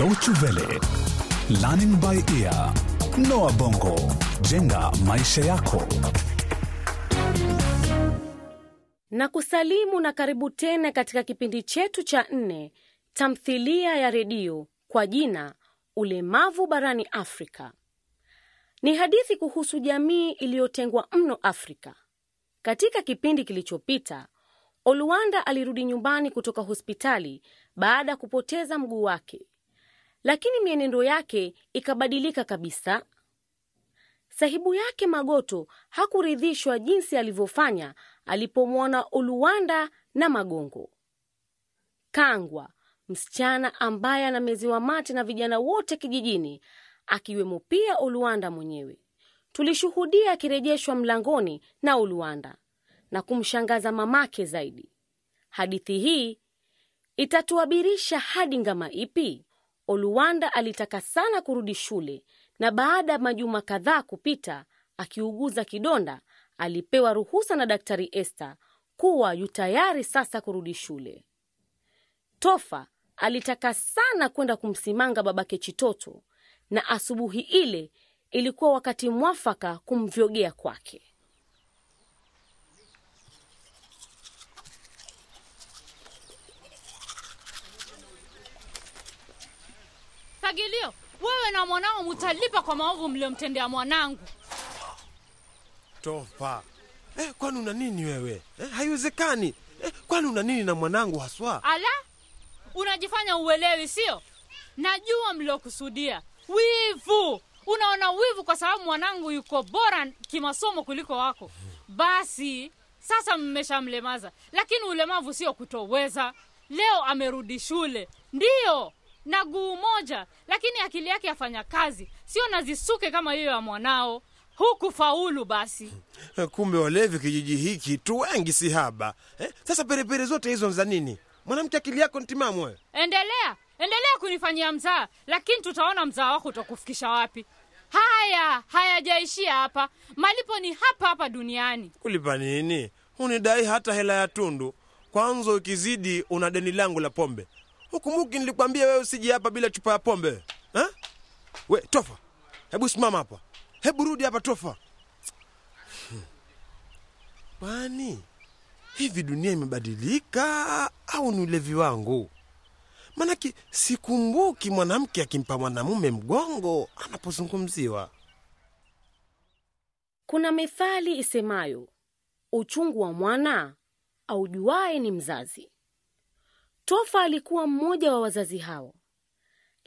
Deutsche Welle, Learning by Ear, Noah Bongo, Jenga Maisha Yako. Na kusalimu na karibu tena katika kipindi chetu cha nne, tamthilia ya redio kwa jina Ulemavu barani Afrika. Ni hadithi kuhusu jamii iliyotengwa mno Afrika. Katika kipindi kilichopita, Oluwanda alirudi nyumbani kutoka hospitali baada ya kupoteza mguu wake lakini mienendo yake ikabadilika kabisa. Sahibu yake Magoto hakuridhishwa jinsi alivyofanya alipomwona Uluwanda na Magongo. Kangwa, msichana ambaye anameziwa mate na vijana wote kijijini, akiwemo pia Uluwanda mwenyewe, tulishuhudia akirejeshwa mlangoni na Uluwanda na kumshangaza mamake zaidi. Hadithi hii itatuabirisha hadi ngama ipi? Oluwanda alitaka sana kurudi shule, na baada ya majuma kadhaa kupita akiuguza kidonda, alipewa ruhusa na Daktari Esther kuwa yu tayari sasa kurudi shule. Tofa alitaka sana kwenda kumsimanga babake Chitoto, na asubuhi ile ilikuwa wakati mwafaka kumvyogea kwake. Magilio, wewe na mwanao mtalipa kwa maovu mliomtendea mwanangu. Tofa eh, kwani una nini wewe eh? Haiwezekani eh, kwani una nini na mwanangu haswa? Ala, unajifanya uelewi sio? Najua mliokusudia wivu. Unaona wivu kwa sababu mwanangu yuko bora kimasomo kuliko wako. Basi sasa mmeshamlemaza, lakini ulemavu sio kutoweza. Leo amerudi shule, ndiyo na guu moja, lakini akili yake yafanya kazi, sio nazisuke kama hiyo ya mwanao. Huku faulu basi. Eh, kumbe walevi kijiji hiki tu wengi si haba eh? Sasa perepere zote hizo za nini? Mwanamke, akili yako ntimamwe. Endelea endelea kunifanyia mzaa, lakini tutaona mzaa wako utakufikisha wapi. Haya hayajaishia hapa, malipo ni hapa hapa duniani. Kulipa nini? unidai hata hela ya tundu. Kwanza ukizidi una deni langu la pombe. Ukumuki, nilikwambia wewe usije hapa bila chupa ya pombe ha? Eh? We Tofa, hebu simama hapa, hebu rudi hapa Tofa. Kwani hmm. hivi dunia imebadilika au ni ulevi wangu? maanake sikumbuki mwanamke akimpa mwanamume mgongo anapozungumziwa. Kuna methali isemayo uchungu wa mwana aujuae ni mzazi. Tofa alikuwa mmoja wa wazazi hao,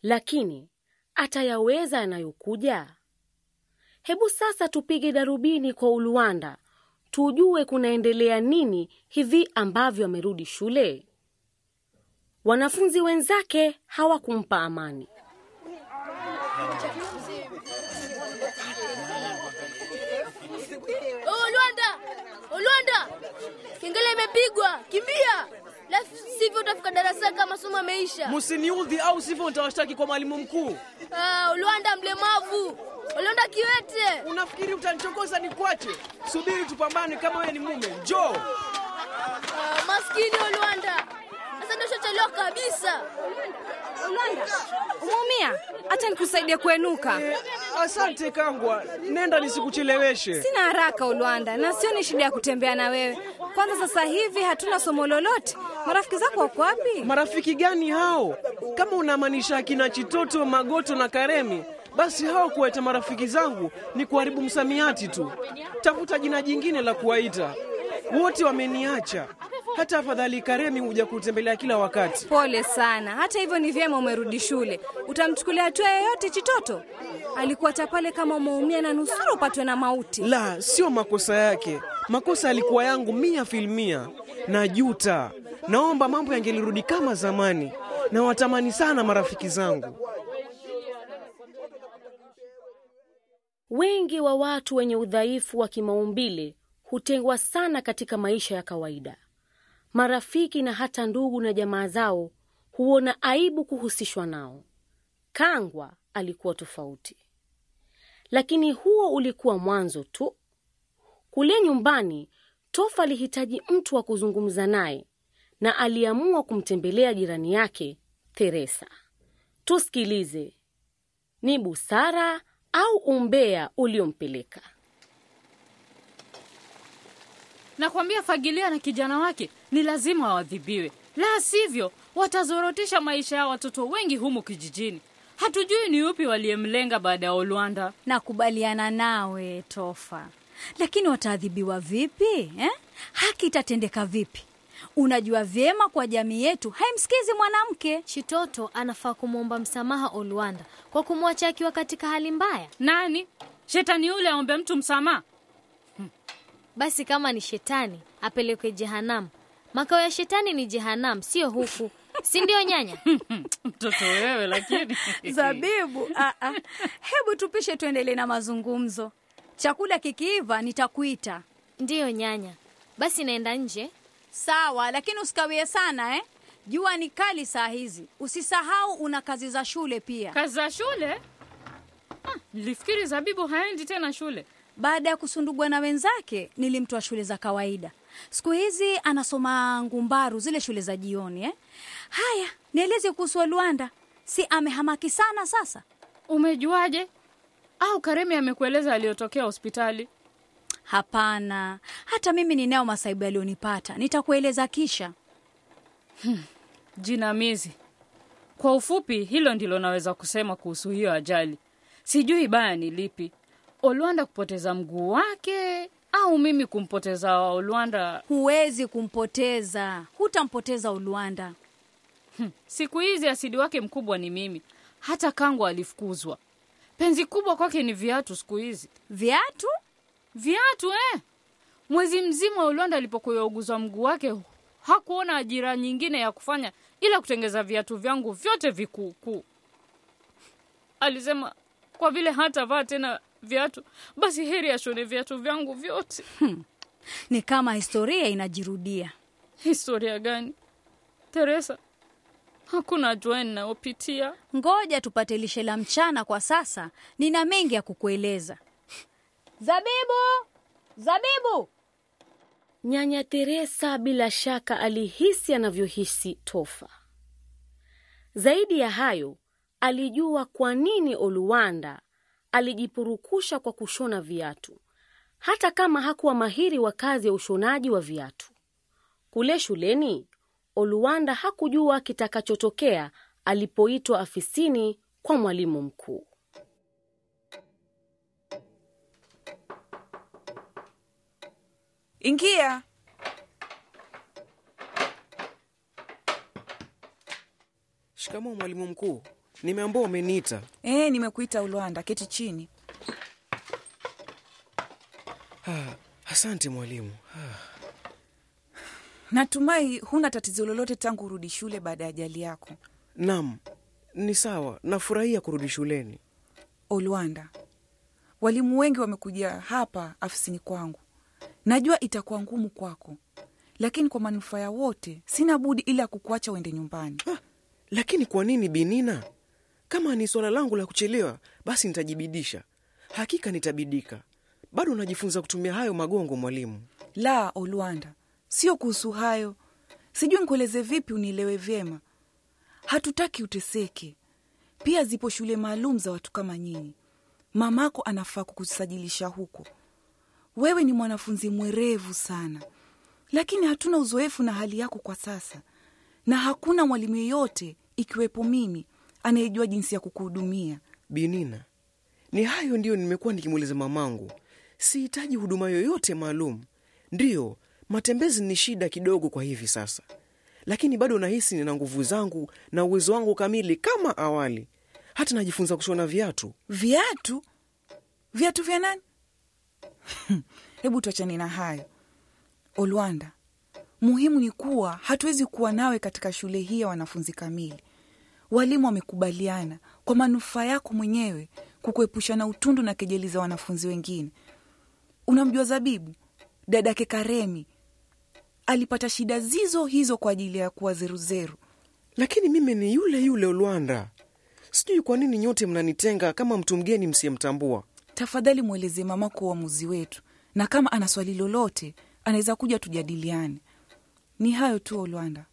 lakini atayaweza yanayokuja? Hebu sasa tupige darubini kwa Uluanda tujue kunaendelea nini hivi ambavyo amerudi shule. Wanafunzi wenzake hawakumpa amani. Uluanda, oh, Uluanda, oh, kengele imepigwa, kimbia! sivyo utafika darasa kama somo ameisha. Msiniudhi au sivyo nitawashtaki kwa mwalimu mkuu. Ah, Ulwanda mlemavu, Ulwanda kiwete. Unafikiri utanichokoza nikwache? Subiri tupambane, kama wewe ni mume njo Uh, ah, maskini Ulwanda, sasa ndio shachelewa kabisa. umeumia? Acha nikusaidia kuenuka. Eh, asante Kangwa, nenda nisikucheleweshe. Sina haraka Ulwanda, na sioni shida ya kutembea na wewe. Kwanza sasa hivi hatuna somo lolote Marafiki zako wako wapi? Marafiki gani hao? Kama unamaanisha akina Chitoto, Magoto na Karemi, basi hao kuwaita marafiki zangu ni kuharibu msamiati tu. Tafuta jina jingine la kuwaita. Wote wameniacha. Hata afadhali Karemi huja kutembelea kila wakati. Pole sana. Hata hivyo ni vyema umerudi shule. Utamchukulia hatua yoyote Chitoto? ta pale kama umeumia na nusura upatwe na mauti. La, sio makosa yake. Makosa alikuwa yangu mia filmia. Najuta. Naomba mambo yangelirudi kama zamani, na watamani sana marafiki zangu. Wengi wa watu wenye udhaifu wa kimaumbile hutengwa sana katika maisha ya kawaida. Marafiki na hata ndugu na jamaa zao huona aibu kuhusishwa nao. Kangwa alikuwa tofauti, lakini huo ulikuwa mwanzo tu. Kule nyumbani, Tofa alihitaji mtu wa kuzungumza naye na aliamua kumtembelea jirani yake Theresa. Tusikilize, ni busara au umbea uliompeleka? Nakwambia, Fagilia na kijana wake ni lazima waadhibiwe, la sivyo watazorotesha maisha ya watoto wengi humu kijijini. Hatujui ni upi waliyemlenga baada ya Olwanda. Nakubaliana nawe Tofa, lakini wataadhibiwa vipi eh? Haki itatendeka vipi? Unajua vyema kwa jamii yetu haimsikizi mwanamke. Chitoto anafaa kumwomba msamaha Olwanda kwa kumwacha akiwa katika hali mbaya. Nani shetani yule aombe mtu msamaha? Hmm. Basi kama ni shetani apelekwe jehanamu. Makao ya shetani ni jehanamu, siyo huku si ndio nyanya? Hmm, hmm. Mtoto wewe lakini Zabibu, ah, ah. hebu tupishe tuendelee na mazungumzo. Chakula kikiiva nitakuita. Ndiyo nyanya, basi naenda nje sawa, lakini usikawie sana eh? Jua ni kali saa hizi, usisahau una kazi za shule pia. Kazi za shule? Hmm, nilifikiri Zabibu haendi tena shule. Baada ya kusundugwa na wenzake, nilimtoa shule za kawaida. Siku hizi anasoma ngumbaru, zile shule za jioni eh? Haya, nieleze kuhusu Luanda, si amehamaki sana sasa? Umejuaje? Au Karemi amekueleza aliyotokea hospitali? Hapana, hata mimi ninao masaibu yaliyonipata, nitakueleza kisha. Hmm, jinamizi. Kwa ufupi, hilo ndilo naweza kusema kuhusu hiyo ajali. Sijui baya ni lipi, Olwanda kupoteza mguu wake au mimi kumpoteza Olwanda. Huwezi kumpoteza, hutampoteza Olwanda. Hmm, siku hizi asidi wake mkubwa ni mimi. Hata Kangwa alifukuzwa. Penzi kubwa kwake ni viatu siku hizi. Viatu? viatu eh? Mwezi mzima Ulonda alipokuyauguzwa mguu wake hakuona ajira nyingine ya kufanya ila kutengeza viatu vyangu vyote vikuukuu. Alisema kwa vile hatavaa tena viatu, basi heri ashone viatu vyangu vyote. Hmm. Ni kama historia inajirudia. Historia gani Teresa? Hakuna jua ninayopitia. Ngoja tupate lishe la mchana kwa sasa, nina mengi ya kukueleza. Zabibu! Zabibu! Nyanya Teresa bila shaka alihisi anavyohisi Tofa. Zaidi ya hayo, alijua kwa nini Oluwanda alijipurukusha kwa kushona viatu, hata kama hakuwa mahiri wa kazi ya ushonaji wa viatu. Kule shuleni, Oluwanda hakujua kitakachotokea alipoitwa afisini kwa mwalimu mkuu. Ingia. Shikamoo mwalimu mkuu, nimeambua umeniita. E, nimekuita Ulwanda, keti chini. Ha, ah, asante mwalimu. Ha. Ah. Natumai huna tatizo lolote tangu urudi shule baada ya ajali yako? Naam, ni sawa, nafurahia kurudi shuleni. Olwanda, walimu wengi wamekuja hapa afisini kwangu Najua itakuwa ngumu kwako, lakini kwa manufaa ya wote sina budi ila kukuacha uende nyumbani. Ha, lakini kwa nini Binina? Kama ni swala langu la kuchelewa, basi nitajibidisha. Hakika nitabidika. Bado najifunza kutumia hayo magongo, mwalimu. La, Olwanda, sio kuhusu hayo. Sijui nikueleze vipi unielewe vyema. Hatutaki uteseke. Pia zipo shule maalum za watu kama nyinyi. Mamako anafaa kukusajilisha huko wewe ni mwanafunzi mwerevu sana, lakini hatuna uzoefu na hali yako kwa sasa, na hakuna mwalimu yeyote ikiwepo mimi anayejua jinsi ya kukuhudumia. Binina, ni hayo ndiyo nimekuwa nikimweleza mamangu. Sihitaji huduma yoyote maalum. Ndiyo, matembezi ni shida kidogo kwa hivi sasa, lakini bado nahisi nina nguvu zangu na uwezo wangu kamili kama awali. Hata najifunza kushona viatu. Viatu? Viatu vya nani? Hebu tuachane na hayo Olwanda. Muhimu ni kuwa hatuwezi kuwa nawe katika shule hii ya wanafunzi kamili. Walimu wamekubaliana kwa manufaa yako mwenyewe kukuepusha na utundu na kejeli za wanafunzi wengine. Unamjua Zabibu, dada yake Karemi alipata shida zizo hizo kwa ajili ya kuwa zeruzeru. Lakini mimi ni yule yule Olwanda, sijui kwa nini nyote mnanitenga kama mtu mgeni msiyemtambua tafadhali mweleze mama kwa uamuzi wetu, na kama ana swali lolote anaweza kuja tujadiliane. Ni hayo tu, Olwanda.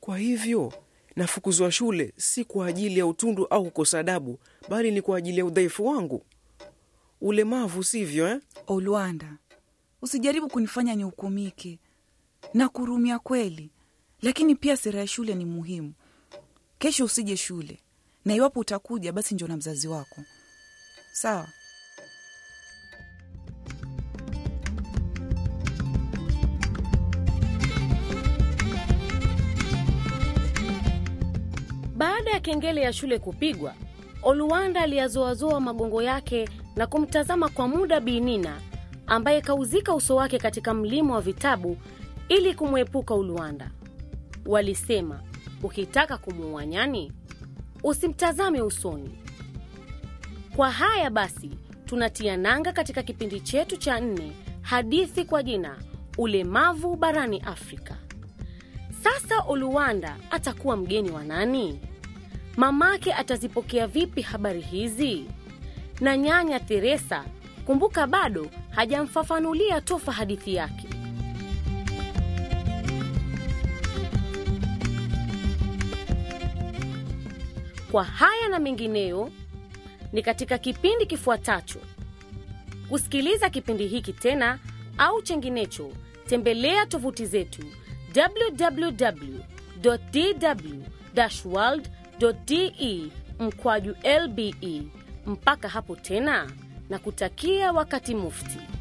Kwa hivyo nafukuzwa shule si kwa ajili ya utundu au kukosa adabu, bali ni kwa ajili ya udhaifu wangu, ulemavu, sivyo eh? Olwanda, usijaribu kunifanya nihukumike na kurumia kweli, lakini pia sera ya shule ni muhimu. Kesho usije shule, na iwapo utakuja basi njo na mzazi wako, sawa? kengele ya shule kupigwa, Oluwanda aliyazoazoa magongo yake na kumtazama kwa muda Binina ambaye kauzika uso wake katika mlima wa vitabu ili kumwepuka Uluwanda. Walisema, ukitaka kumuua nyani usimtazame usoni. Kwa haya basi, tunatia nanga katika kipindi chetu cha nne, hadithi kwa jina Ulemavu Barani Afrika. Sasa Oluwanda atakuwa mgeni wa nani? mamake atazipokea vipi habari hizi? Na nyanya Teresa, kumbuka, bado hajamfafanulia Tofa hadithi yake. Kwa haya na mengineyo ni katika kipindi kifuatacho. Kusikiliza kipindi hiki tena au chenginecho, tembelea tovuti zetu www.dw-world de mkwaju lbe. Mpaka hapo tena, na kutakia wakati mufti.